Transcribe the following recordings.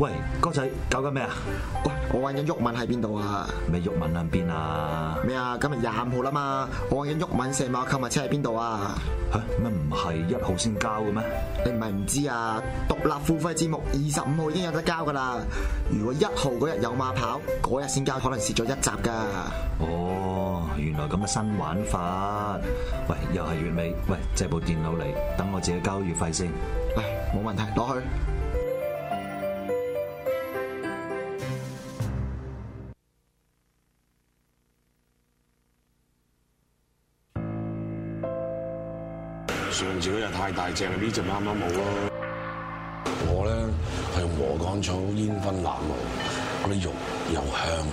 喂，哥仔，搞緊咩啊？喂，我揾緊玉文喺邊度啊？咪玉文喺邊啊？咩啊？今日廿五號啦嘛，我揾緊玉文射馬購物車喺邊度啊？吓咩唔係一號先交嘅咩？你唔係唔知啊？獨立付費節目二十五號已經有得交噶啦。如果一號嗰日有馬跑，嗰日先交，可能蝕咗一集噶。哦，原來咁嘅新玩法。喂，又係月尾。喂，借部電腦嚟，等我自己交月費先。唉，冇問題，攞去。如果又太大隻，呢隻啱啱好咯。我咧係禾稈草煙燻腩牛，嗰啲肉又香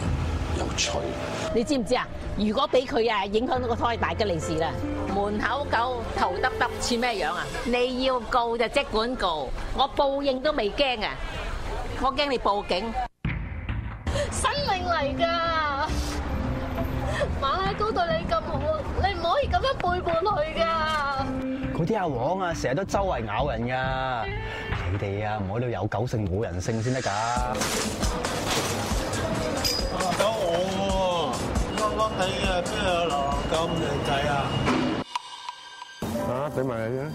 又脆。你知唔知啊？如果俾佢啊影響到個胎，大吉利是啦。門口狗頭耷耷似咩樣啊？你要告就即管告，我報應都未驚啊！我驚你報警，生命嚟㗎。馬拉糕對你咁好，你唔可以咁樣背叛佢㗎。啲阿黃啊，成日都周圍咬人噶，你哋啊唔可以都有狗性冇人性先得㗎。狗我喎，笠笠地啊，邊度有流浪狗咁靚仔啊？啊，俾埋你啦。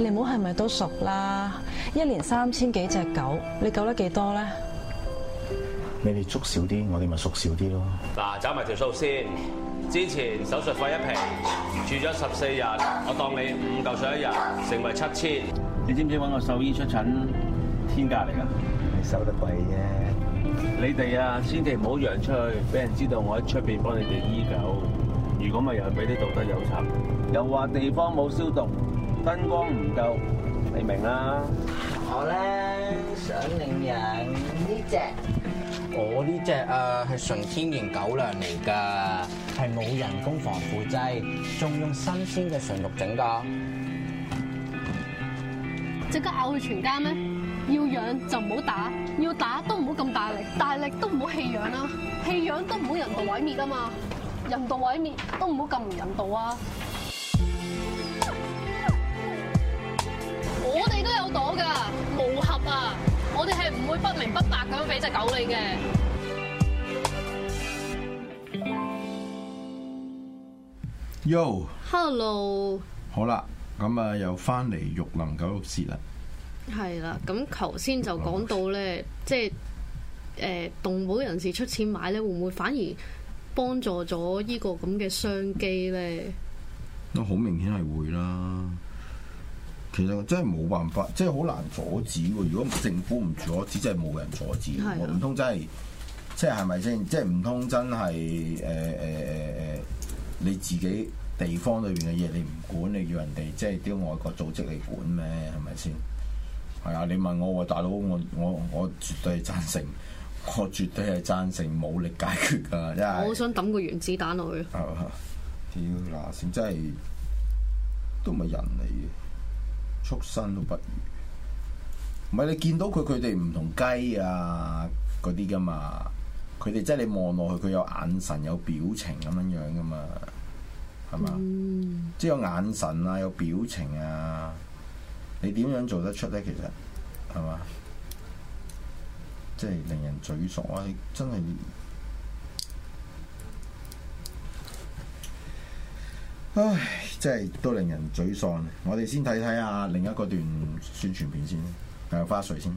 你唔好係咪都熟啦？一年三千幾隻狗，你救得幾多咧？你哋捉少啲，我哋咪縮少啲咯。嗱，走埋條數先。之前手術費一平，住咗十四日，我當你五嚿水一日，成為七千。你知唔知揾個獸醫出診天價嚟噶？你收得貴啫。你哋啊，千祈唔好揚出去，俾人知道我喺出邊幫你哋醫狗。如果咪又係俾啲道德友責，又話地方冇消毒，燈光唔夠，你明啦。我咧想領養呢隻。我呢隻誒係純天然狗糧嚟噶，係冇人工防腐劑，仲用新鮮嘅純肉整噶。即刻咬佢全家咩？要養就唔好打，要打都唔好咁大力，大力都唔好棄養啊。棄養都唔好人道毀滅啊嘛，人道毀滅都唔好咁唔人道啊。我哋都有袋噶，無盒啊！我哋係唔會不明不白咁樣俾隻狗你嘅。Yo，Hello，好啦，咁啊又翻嚟，玉林狗肉節啦。係啦，咁頭先就講到咧，層即係誒，動保人士出錢買咧，會唔會反而幫助咗依個咁嘅商機咧？都好明顯係會啦。其實真係冇辦法，真係好難阻止喎。如果政府唔阻止，真係冇人阻止。唔通的真係，即係係咪先？即係唔通真係誒誒誒誒，你自己地方裏邊嘅嘢你唔管，你叫人哋即係啲外國組織嚟管咩？係咪先？係啊！你問我，我大佬，我我我絕對係贊成，我絕對係贊成武力解決㗎。真係我好想抌個原子彈落去。啊！屌！嗱，啊，先真係都唔係人嚟嘅。畜生都不如，唔係你見到佢佢哋唔同雞啊嗰啲噶嘛，佢哋即係你望落去佢有眼神有表情咁樣樣噶嘛，係嘛？嗯、即係有眼神啊有表情啊，你點樣做得出咧？其實，係嘛？即係令人沮喪啊！你真係。唉，真係都令人沮喪。我哋先睇睇下另一個段宣傳片先，睇下花絮先。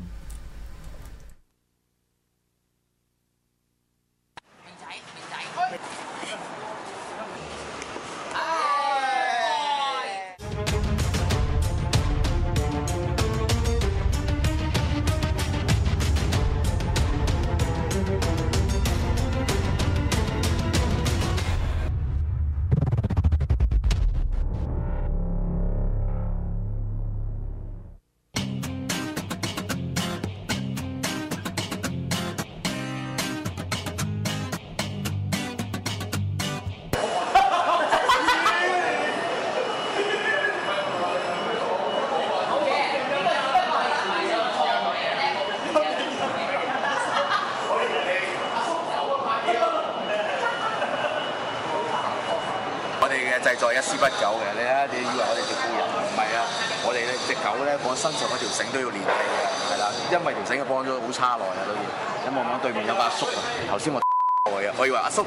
不久嘅，你睇，你以為我哋做富人啊？唔係啊，我哋咧隻狗咧，講、那個、身上嗰條繩都要連繫嘅，係啦，因為條繩嘅幫咗好差耐啊都要。咁望望對面有個阿叔，叔，啊，頭先我～我以為阿叔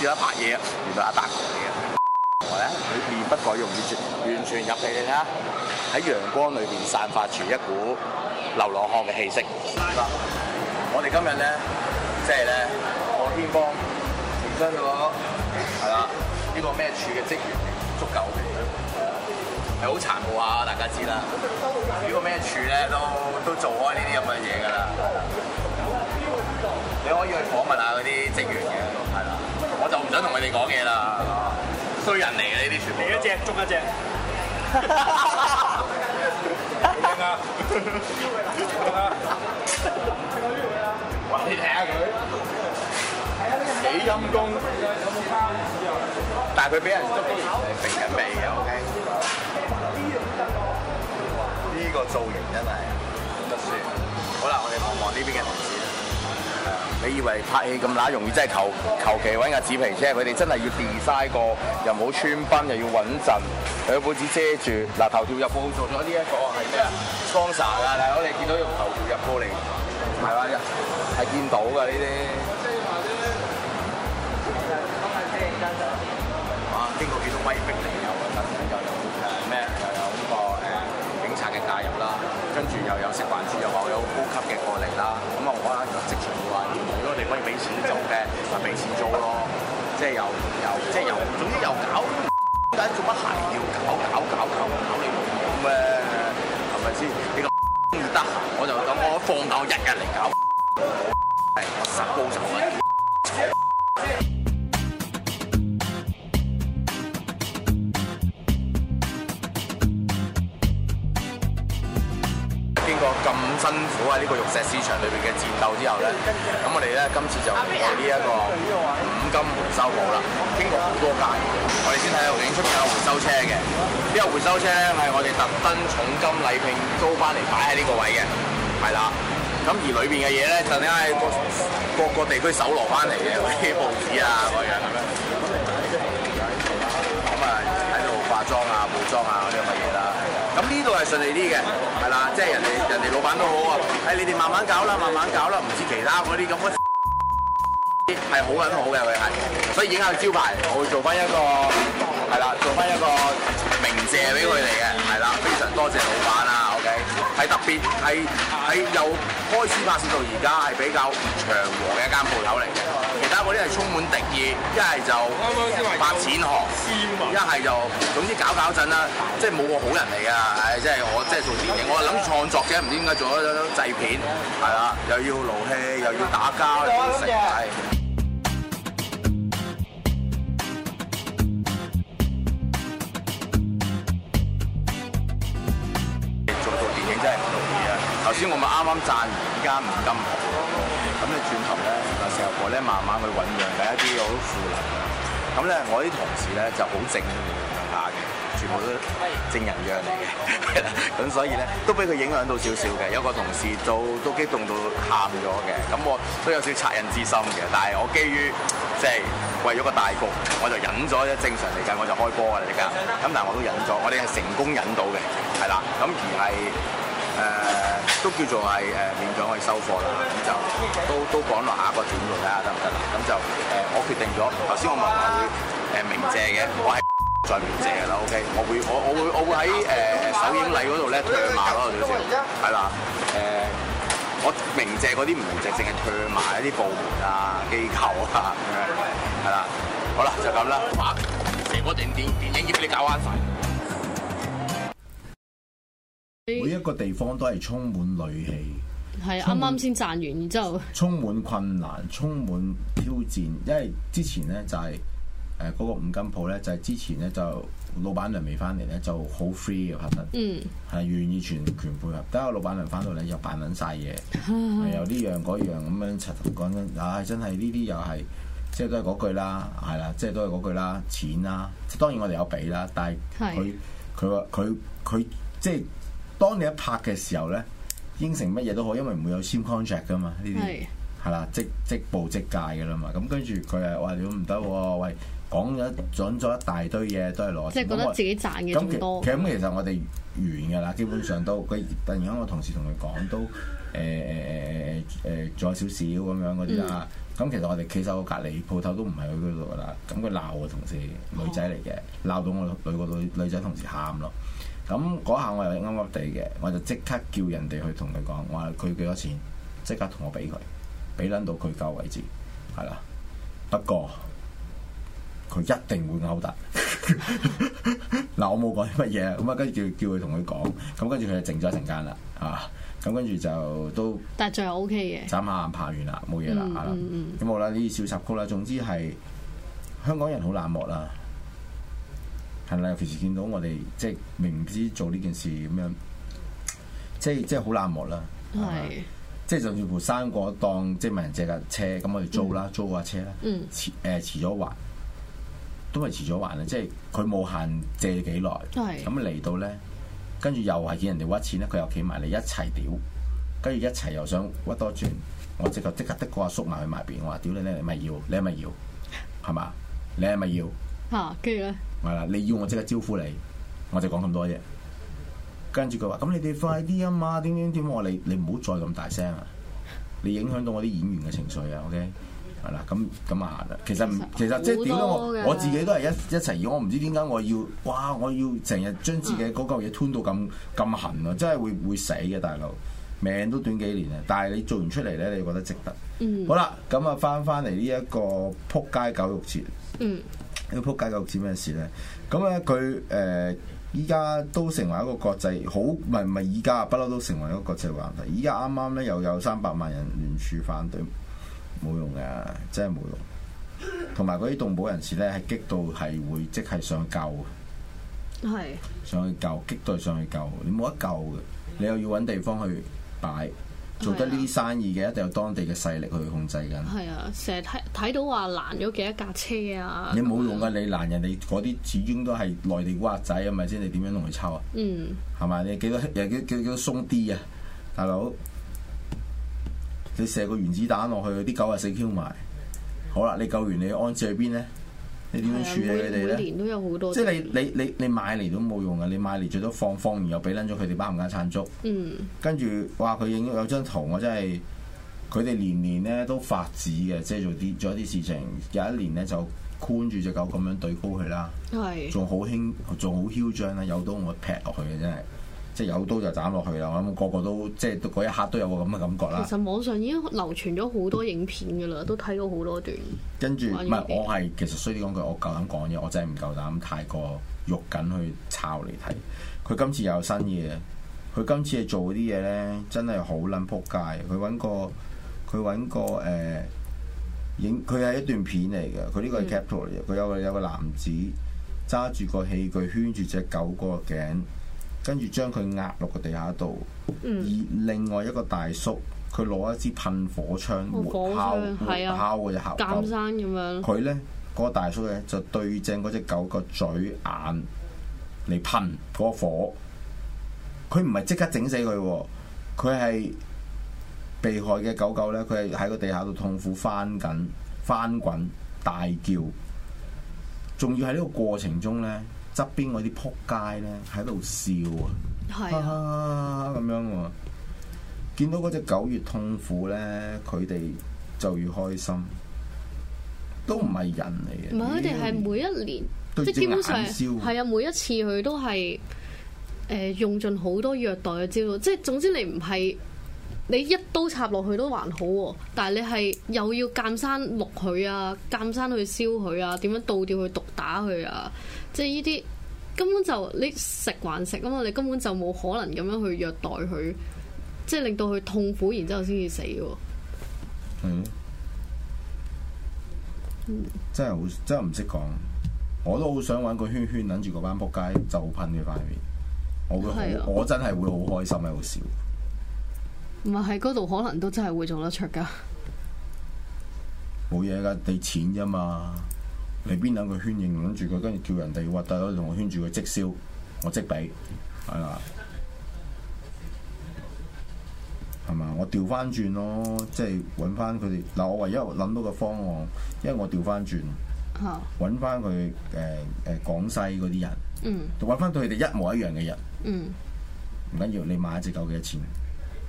試一、啊、拍嘢，原來阿達嚟嘅。我咧佢面不改容貌，完全入戲。你睇下喺陽光裏邊散發住一股流浪漢嘅氣息。我哋今日咧即係咧，我天，呢呢天幫提升咗係啦呢個咩處嘅職員。足夠嘅，係好殘酷啊！大家知啦，如果咩處咧都都做開呢啲咁嘅嘢噶啦。你可以去訪問下嗰啲職員嘅，係啦，我就唔想同佢哋講嘢啦。衰人嚟嘅呢啲全部，你一隻捉一隻。哈哈哈！哈哈哈！幾陰功，但係佢俾人捉到嚟食緊味嘅，OK。呢個造型真係唔得算。 好啦，我哋望望呢邊嘅同事，你以為拍戲咁嗱容易？真係求求其揾下紙皮車。佢哋真係要 design 過，又冇穿崩，又要穩陣，有報紙遮住。嗱，頭條入報做咗呢一個係咩啊 sponsor 啊！我哋見到用頭條入報嚟台灣嘅係見到嘅呢啲。威逼利誘，跟住又有誒咩，又有呢個誒警察嘅介入啦，跟住又有食環署又話有高級嘅過嚟啦，咁啊唔可能又即時話如果你可以要俾錢做嘅，咪俾錢做咯，即係又又即係又總之又搞，點解做乜鞋要搞搞搞搞搞你，冇咩係咪先？呢個得閒我就咁我放逗日日嚟搞。喺呢個玉石市場裏邊嘅戰鬥之後咧，咁我哋咧今次就嚟到呢一個五金回收部啦。經過好多間，我哋先睇下究竟出邊有回收車嘅。呢、這個回收車咧係我哋特登重金禮聘租翻嚟擺喺呢個位嘅，係啦。咁而裏邊嘅嘢咧，就啱係各個地區搜羅翻嚟嘅，嗰啲報紙啊，嗰樣咁樣。咁啊，喺度化妝啊，服裝啊，嗰啲咁嘅嘢啦。咁呢度係順利啲嘅，係啦，即係人哋人哋老闆都好啊，誒、哎，你哋慢慢搞啦，慢慢搞啦，唔知其他嗰啲咁啲係好撚好嘅佢係，所以影響招牌，我會做翻一個係啦，做翻一個鳴謝俾佢哋嘅，係啦，非常多謝老闆啊。係特別係係有開始拍攝到而家係比較唔祥和嘅一間鋪頭嚟嘅，其他嗰啲係充滿敵意，一係就發錢寒，一係就總之搞搞震啦，即係冇個好人嚟㗎，唉，即係我即係做電影，我係諗住創作嘅，唔知點解做咗嗰製片，係啦，又要勞氣，又要打交，又的要食吃，係。頭先我咪啱啱讚完，而家唔咁好，咁你轉頭咧，就石油股咧慢慢去醖釀第一啲好負能嘅，咁咧我啲同事咧就好正下嘅，全部都正人樣嚟嘅，咁 所以咧都俾佢影響到少少嘅，有個同事做都激動到喊咗嘅，咁我都有少少惻隱之心嘅，但係我基於即係為咗個大局，我就忍咗啫。正常嚟講我就開波㗎啦，咁但係我都忍咗，我哋係成功忍到嘅，係啦，咁而係。誒、 呃、都叫做係誒勉強去收貨啦，咁就都都講落下個度睇下得唔得啦？咁就誒、呃、我決定咗，頭先我問話啲誒鳴謝嘅，我係再鳴謝啦，OK？我會我我會我會喺誒首映禮嗰度咧，退埋嗰度先，係啦。誒、呃、我鳴謝嗰啲唔鳴謝，淨係退埋一啲部門啊、機構啊，咁樣係啦。好啦，就咁啦，成個整電電影業俾你搞返晒。每一個地方都係充滿戾氣，係啱啱先賺完，然之後充滿困難，充滿挑戰。因為之前咧就係誒嗰個五金鋪咧就係之前咧就老闆娘未翻嚟咧就好 free 嘅，其實嗯係願意全權配合。等下老闆娘翻到嚟、嗯、又扮撚晒嘢，又呢樣嗰樣咁樣，講緊啊，真係呢啲又係即係都係嗰句啦，係啦，即係都係嗰句啦，錢啦。當然我哋有俾啦，但係佢佢佢佢即係。當你一拍嘅時候咧，應承乜嘢都好，因為唔會有簽 contract 噶嘛，呢啲係啦，即即暴即戒嘅啦嘛。咁跟住佢係話：你唔得喎，喂，講咗講咗一大堆嘢，都係攞即覺得自己賺嘅仲多咁其、嗯、其實我哋完嘅啦，基本上都佢突然間我同事同佢講都誒誒誒誒誒，仲、呃呃、有少少咁樣嗰啲啊。咁、嗯、其實我哋企喺我隔離鋪頭都唔係喺嗰度噶啦。咁佢鬧我同事女仔嚟嘅，鬧、哦、到我女個女女仔同事喊咯。咁嗰下我又啱啱地嘅，我就即刻叫人哋去同佢講，話佢幾多錢，即刻同我俾佢，俾撚到佢夠為止，係啦。不過佢一定會勾達。嗱我冇講啲乜嘢，咁啊跟住叫叫佢同佢講，咁跟住佢就靜咗一陣間啦，啊，咁跟住就都，但係最後 O K 嘅，眨下眼拍完啦，冇嘢啦，係啦、嗯，咁好啦，呢啲、嗯嗯、小插曲啦，總之係香港人好冷漠啦。係啦，平時見到我哋即係明知做呢件事咁樣，即係即係好冷漠啦。係即係，甚至乎生果檔即係問人借架車咁，我哋租啦，租架車啦，遲誒遲咗還都係遲咗還啦。即係佢冇限借幾耐，咁嚟到咧，跟住又係見人哋屈錢咧，佢又企埋嚟一齊屌，跟住一齊又想屈多轉，我即刻即刻的個阿叔埋去埋邊，我話屌你，你係咪要？你係咪要？係嘛？你係咪要？嚇、啊，跟住咧。係啦，你要我即刻招呼你，我就講咁多嘢。跟住佢話，咁你哋快啲啊嘛，點點點。我你你唔好再咁大聲啊！你影響到我啲演員嘅情緒啊。OK，係啦，咁咁啊行啦。其實其實，其實即係點咧？我我自己都係一一齊演。我唔知點解我要哇！我要成日將自己嗰嚿嘢吞到咁咁痕啊！真係會會死嘅，大佬命都短幾年啊！但係你做完出嚟咧，你覺得值得？嗯，好啦，咁啊，翻翻嚟呢一個撲街狗肉節。嗯。呢個撲街夠知咩事呢？咁，咧佢誒依家都成為一個國際好，唔係唔係，依家不嬲都成為一個國際話題。依家啱啱咧又有三百萬人聯署反對，冇用嘅，真係冇用。同埋嗰啲動保人士咧係激到係會即係上去救嘅，係上去救，激到上去救，你冇得救嘅，你又要揾地方去擺。做得呢啲生意嘅一定有當地嘅勢力去控制㗎。係啊，成日睇睇到話攔咗幾多架車啊！你冇用㗎，啊，你攔人哋，嗰啲始終都係內地古惑仔，係咪先？你點樣同佢抽啊？嗯。係咪？你幾多？又叫叫叫鬆啲啊，大佬！你射個原子彈落去，啲狗啊死 Q 埋。好啦，你救完你安置去邊呢？你點樣處理佢哋咧？一年都有好多種，即係你你你你買嚟都冇用嘅，你買嚟最多放放完又俾撚咗佢哋包唔間餐粥。嗯，跟住嘩佢影咗有張圖，我真係佢哋年年咧都發指嘅，即係做啲做一啲事情。有一年咧就箍住隻狗咁樣對高佢啦，係仲好興仲好囂張啊！有刀我劈落去嘅真係。即係有刀就斬落去啦！我諗個，個個都即係嗰一刻都有個咁嘅感覺啦。其實網上已經流傳咗好多影片噶啦，都睇過好多段。跟住唔係我係其實衰啲講句，我夠膽講嘢，我真係唔夠膽太過肉緊去抄嚟睇。佢今次有新嘢，佢今次係做啲嘢咧，真係好撚仆街。佢揾個佢揾個誒影，佢係、呃、一段片嚟嘅。佢呢個係 capture 嚟嘅、嗯。佢有個有個男子揸住個器具圈住隻狗個頸。跟住將佢壓落個地下度，嗯、而另外一個大叔佢攞一支噴火槍，冇烤冇的烤隻狗，救生咁樣。佢呢嗰、嗰個大叔呢，就對正嗰隻狗嘴個嘴眼嚟噴嗰火，佢唔係即刻整死佢，佢係被害嘅狗狗呢，佢係喺個地下度痛苦翻緊、翻滾、大叫，仲要喺呢個過程中呢。側邊嗰啲仆街咧，喺度笑啊，咁是、啊啊、樣喎、啊。見到嗰隻狗越痛苦咧，佢哋就越開心。都唔係人嚟嘅。唔係佢哋係每一年，哎、即係基本上係燒啊，每一次佢都係誒、呃、用盡好多虐待嘅招數。即係總之你唔係你一刀插落去都還好喎、啊，但係你係又要監生虐佢啊，監生去燒佢啊，點樣倒掉去毒打佢啊？即係呢啲根本就你食還食啊嘛，你根本就冇可能咁樣去虐待佢，即係令到佢痛苦然、啊，然之後先至死嘅。係、嗯、真係好真係唔識講，我都好想玩個圈圈，撚住嗰班仆街就噴佢塊面，我會、啊、我真係會好開心啊，好笑。唔係喺嗰度可能都真係會做得出噶，冇嘢噶，俾錢啫嘛。你邊等佢圈認，諗住佢跟住叫人哋核大佬，我同佢圈住佢即銷，我即俾係嘛？係嘛？我調翻轉咯，即係揾翻佢哋。嗱，我唯一諗到個方案，因為我調翻轉，揾翻佢誒誒廣西嗰啲人，揾翻對佢哋一模一樣嘅人，唔緊要，你買一隻夠幾多錢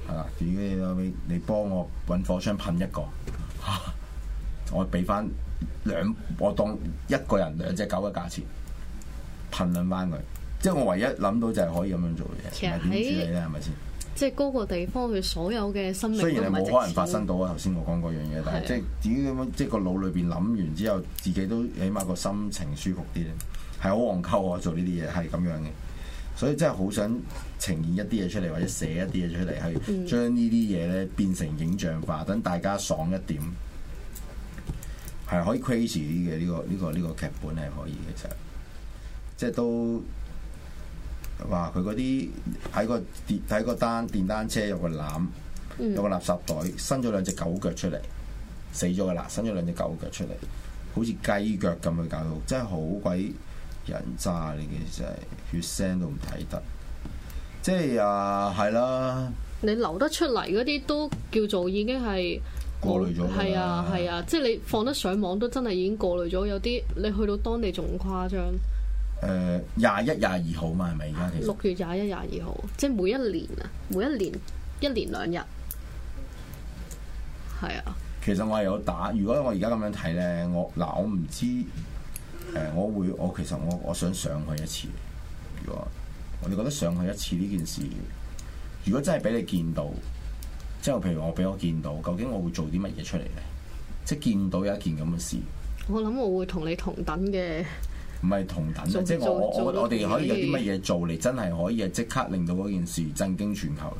係嘛？如果你你幫我揾火槍噴一個，啊、我俾翻。兩我當一個人兩隻狗嘅價錢，評論翻佢，即係我唯一諗到就係可以咁樣做嘅嘢，唔係點處理咧？係咪先？即係嗰個地方佢所有嘅心理唔係直接。雖然係冇可能發生到啊，頭先我講嗰樣嘢，的但係即係至於咁樣，即係個腦裏邊諗完之後，自己都起碼個心情舒服啲咧，係好戇鳩我做呢啲嘢係咁樣嘅，所以真係好想呈現一啲嘢出嚟，或者寫一啲嘢出嚟，係將呢啲嘢咧變成影像化，等大家爽一點。係可以 crazy 嘅呢，這個呢，這個呢，這個劇本係可以嘅就係，即係都，哇！佢嗰啲喺個電喺個單電單車有個籃，嗯、有個垃圾袋，伸咗兩隻狗腳出嚟，死咗㗎喇，伸咗兩隻狗腳出嚟，好似雞腳咁去搞到，真係好鬼人渣你嘅真血腥都唔睇得，即係啊，係啦，你留得出嚟嗰啲都叫做已經係。過濾咗係啊係啊，即係你放得上網都真係已經過濾咗，有啲你去到當地仲誇張。誒、呃，廿一廿二號嘛係咪而家？六月廿一廿二號，即係每一年啊，每一年一年兩日，係啊。其實我係有打，如果我而家咁樣睇咧，我嗱我唔知誒、呃，我會我其實我我想上去一次。如果我哋覺得上去一次呢件事，如果真係俾你見到。即係譬如我俾我見到，究竟我會做啲乜嘢出嚟咧？即係見到有一件咁嘅事，我諗我會同你同等嘅，唔係同等，即係我我哋可以有啲乜嘢做嚟，真係可以係即刻令到嗰件事震驚全球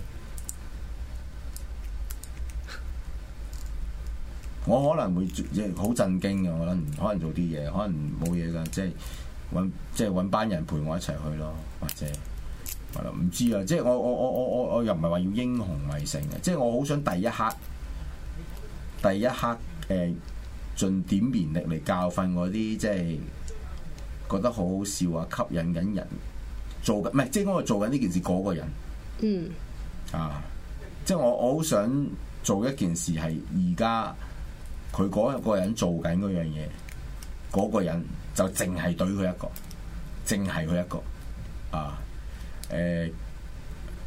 我驚。我可能會好震驚嘅，我諗可能做啲嘢，可能冇嘢噶，即係搵即係搵班人陪我一齊去咯，或者。唔知啊！即係我我我我我我又唔係話要英雄為成嘅，即係我好想第一刻第一刻誒，盡、欸、點綿力嚟教訓我啲，即係覺得好好笑啊！吸引緊人做緊唔係即係我做緊呢件事嗰個人嗯啊，即係我我好想做一件事係而家佢嗰一個人做緊嗰樣嘢，嗰個人就淨係對佢一個，淨係佢一個啊！誒，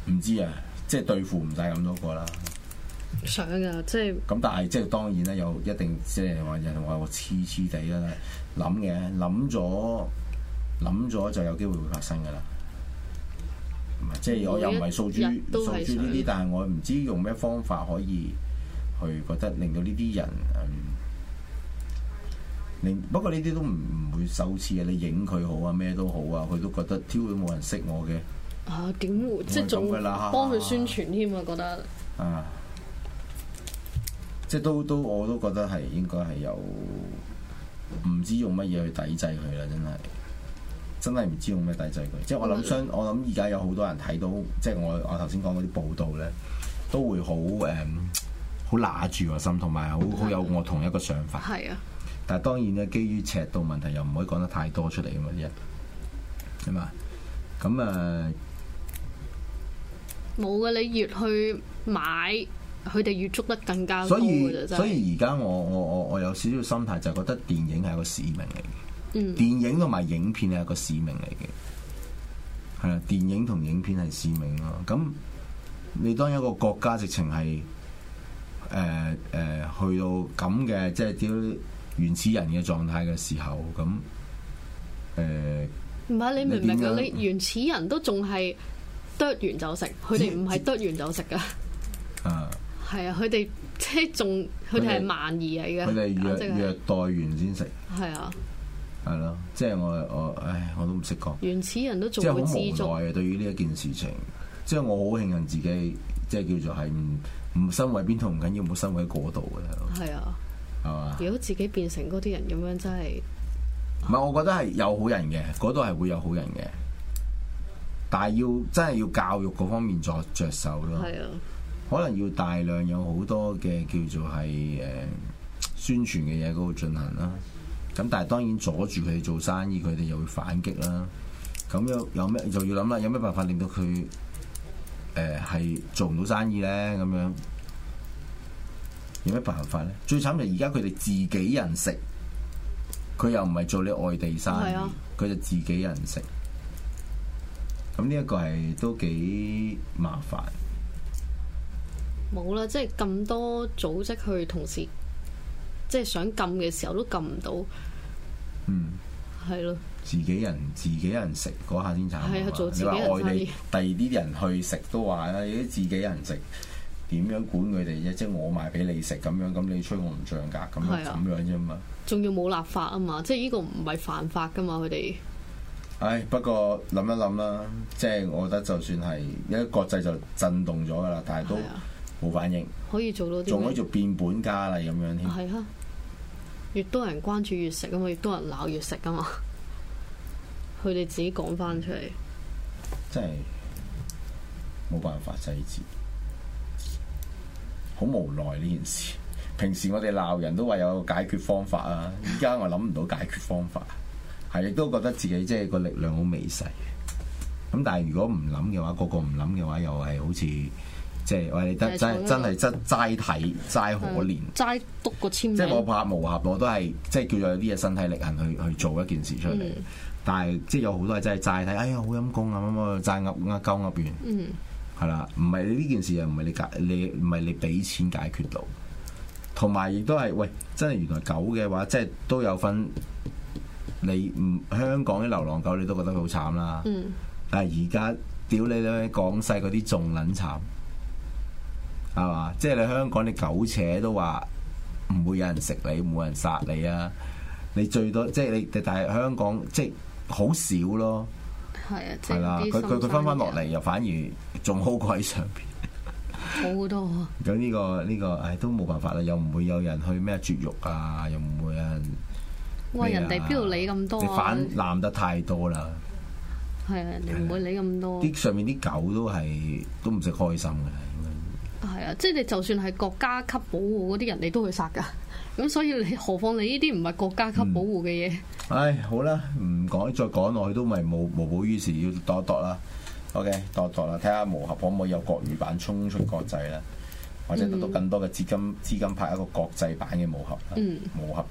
唔、呃、知啊，即係對付唔晒咁多個啦。想啊、就是，即係。咁但係即係當然咧，有一定即係話人哋話我痴痴地啊。諗嘅諗咗諗咗就有機會會發生噶啦。唔係，即係我又唔係掃豬掃豬呢啲，但係我唔知用咩方法可以去覺得令到呢啲人嗯。另不過呢啲都唔唔會首次啊。你影佢好啊，咩都好啊，佢都覺得挑會冇人識我嘅。啊！點會即係仲幫佢宣傳添啊？覺得啊，即係都都我都覺得係應該係有唔知用乜嘢去抵制佢啦！真係真係唔知用咩抵制佢。即係我諗，相嗎我諗而家有好多人睇到，即係我我頭先講嗰啲報道呢，都會好誒好揦住個心，同埋好好有我同一個想法。係啊嗎！但係當然呢基於尺度問題，又唔可以講得太多出嚟啊嘛！啲人係嘛咁啊～冇噶，你越去買，佢哋越捉得更加多。所以，所以而家我我我我有少少心態，就係覺得電影係一個使命嚟嘅。嗯，電影同埋影片係一個使命嚟嘅，係啦。電影同影片係使命咯。咁你當一個國家直情係誒誒，去到咁嘅即係啲原始人嘅狀態嘅時候，咁誒唔係你明唔明你，你原始人都仲係。得完就食，佢哋唔係得完就食㗎。啊，係啊，佢哋即係仲，佢哋係萬二嚟嘅。佢哋虐虐待完先食。係啊的。係咯，即係我我，唉，我都唔識講。原始人都仲即係好無奈啊！對於呢一件事情，即係我好慶幸自己，即係叫做係唔唔身為邊度唔緊要，冇身為嗰度嘅。係啊。係啊。如果自己變成嗰啲人咁樣真，真係。唔係，我覺得係有好人嘅，嗰度係會有好人嘅。但係要真係要教育嗰方面作着手咯，的可能要大量有好多嘅叫做係誒宣傳嘅嘢嗰度進行啦。咁的但係當然阻住佢哋做生意，佢哋就會反擊啦。咁有有咩就要諗啦？有咩辦法令到佢誒係做唔到生意咧？咁樣有咩辦法咧？最慘就而家佢哋自己人食，佢又唔係做啲外地生意，佢的就自己人食。咁呢一個係都幾麻煩，冇啦！即係咁多組織去同時，即係想禁嘅時候都禁唔到。嗯，係咯的，自己人自己人食嗰下先慘，係啊！做自己人，你話外地第二啲人去食都話啦，自己人食點樣管佢哋啫？即係我賣俾你食咁樣，咁你催我唔漲價咁樣咁的樣啫嘛。仲要冇立法啊嘛，即係呢個唔係犯法噶嘛，佢哋。唉，不過諗一諗啦，即係我覺得就算係因為國際就震動咗噶啦，但係都冇反應，啊。可以做到，仲可以做變本加厲咁樣添。係啊，越多人關注越食啊嘛，越多人鬧越食啊嘛。佢哋自己講翻出嚟，真係冇辦法制止，好無奈呢件事。平時我哋鬧人都話有個解決方法啊，依家我諗唔到解決方法。 係，亦都覺得自己即係個力量好微細嘅。咁但係如果唔諗嘅話，個個唔諗嘅話，又係好似即係喂，得真真係真齋睇齋可憐，齋篤個簽。即係我拍毛俠，我都係即係叫做有啲嘢身體力行去去做一件事出嚟。但係即係有好多係真係齋睇，哎呀好陰功啊，乜乜齋噏咁啊，鳩噏完。嗯，係啦，唔係呢件事又唔係你解，你唔係你俾錢解決到。同埋亦都係喂，真係原來狗嘅話，即係都有份。你唔香港啲流浪狗，你都覺得好慘啦。嗯。但係而家屌你喺廣西嗰啲仲撚慘，係嘛？即係你香港你狗邪都話唔會有人食你，冇人殺你啊！你最多即係你，但係香港即係好少咯。係啊，係啦是，佢佢佢翻翻落嚟，們又反而仲好過喺上邊、啊。好多、 這個。咁呢個呢個，唉，都冇辦法啦。又唔會有人去咩絕育啊，又唔會有人。哇！人哋邊度理咁多氾濫得太多啦，係啊，你唔會理咁多。啲上面啲狗都係都唔識開心嘅，係、嗯、啊，即係你就算係國家級保護嗰啲人，你都會殺㗎。咁所以你何況你呢啲唔係國家級保護嘅嘢，嗯？唉，好啦，唔講再講落去都咪無無補於事，要度一度啦。OK，度一度啦，睇下《毛俠》可唔可以有國語版衝出國際啦，或者得到更多嘅資金資金派一個國際版嘅《毛俠》。嗯。《毛俠二》。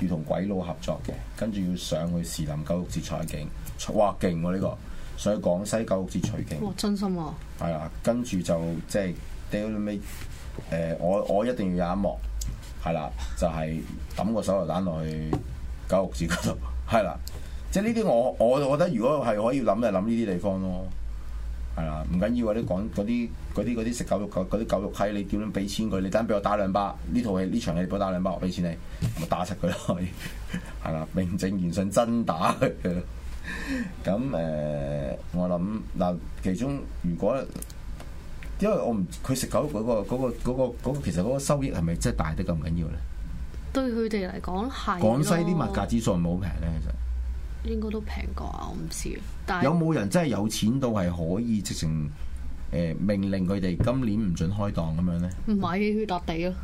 要同鬼佬合作嘅，跟住要上去玉林狗肉節取景，哇，勁喎呢個，上去廣西狗肉節取景，真心啊！係啊，跟住就即係屌尾，誒、就是呃、我我一定要有一幕，係啦，就係、是、抌個手榴彈落去狗肉節嗰度，係啦，即係呢啲我我覺得如果係可以諗就諗呢啲地方咯。係啦，唔緊要啲講嗰啲啲啲食狗肉嗰啲狗肉閪，你點樣俾錢佢？你等俾我打兩巴，呢套戲呢場戲俾我打兩巴，我俾錢給你，我打實佢係啦，名正言順真打佢咁誒、 呃，我諗嗱、呃，其中如果因為我唔佢食狗肉嗰、嗰個嗰、嗰個嗰、嗰個、嗰個、其實嗰個收益係咪真係大得咁緊要咧？對佢哋嚟講係。廣西啲物價指數唔係好平咧，其實。應該都平過啊，我唔知但係。有冇人真係有錢到係可以直情誒、呃、命令佢哋今年唔准開檔咁樣咧？買去笪地咯，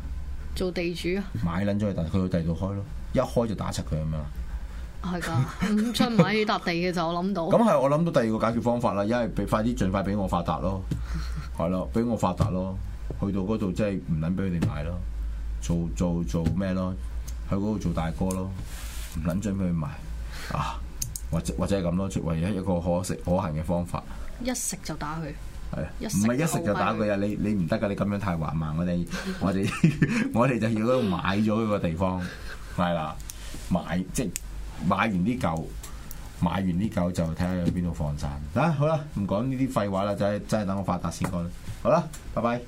做地主啊！買撚咗去佢去第二度開咯，一開就打柒佢咁樣。係㗎，五七米笪地嘅就我諗到。咁係 我諗到第二個解決方法啦，因係俾快啲，盡快俾我發達咯，係咯， 俾我發達咯，去到嗰度即係唔撚俾佢哋買咯，做做做咩咯？喺嗰度做大哥咯，唔撚準佢哋買啊！啊或者或者係咁咯，作為一一個可食可行嘅方法，一食就打佢，係啊的，唔係一食就打佢啊的！你你唔得噶，你咁樣太橫蠻， 我哋我哋我哋就要度買咗嗰個地方，係啦，買即係買完啲狗，買完啲狗就睇下喺邊度放曬。嗱、啊，好啦，唔講呢啲廢話啦，真真係等我發達先講。好啦，拜拜。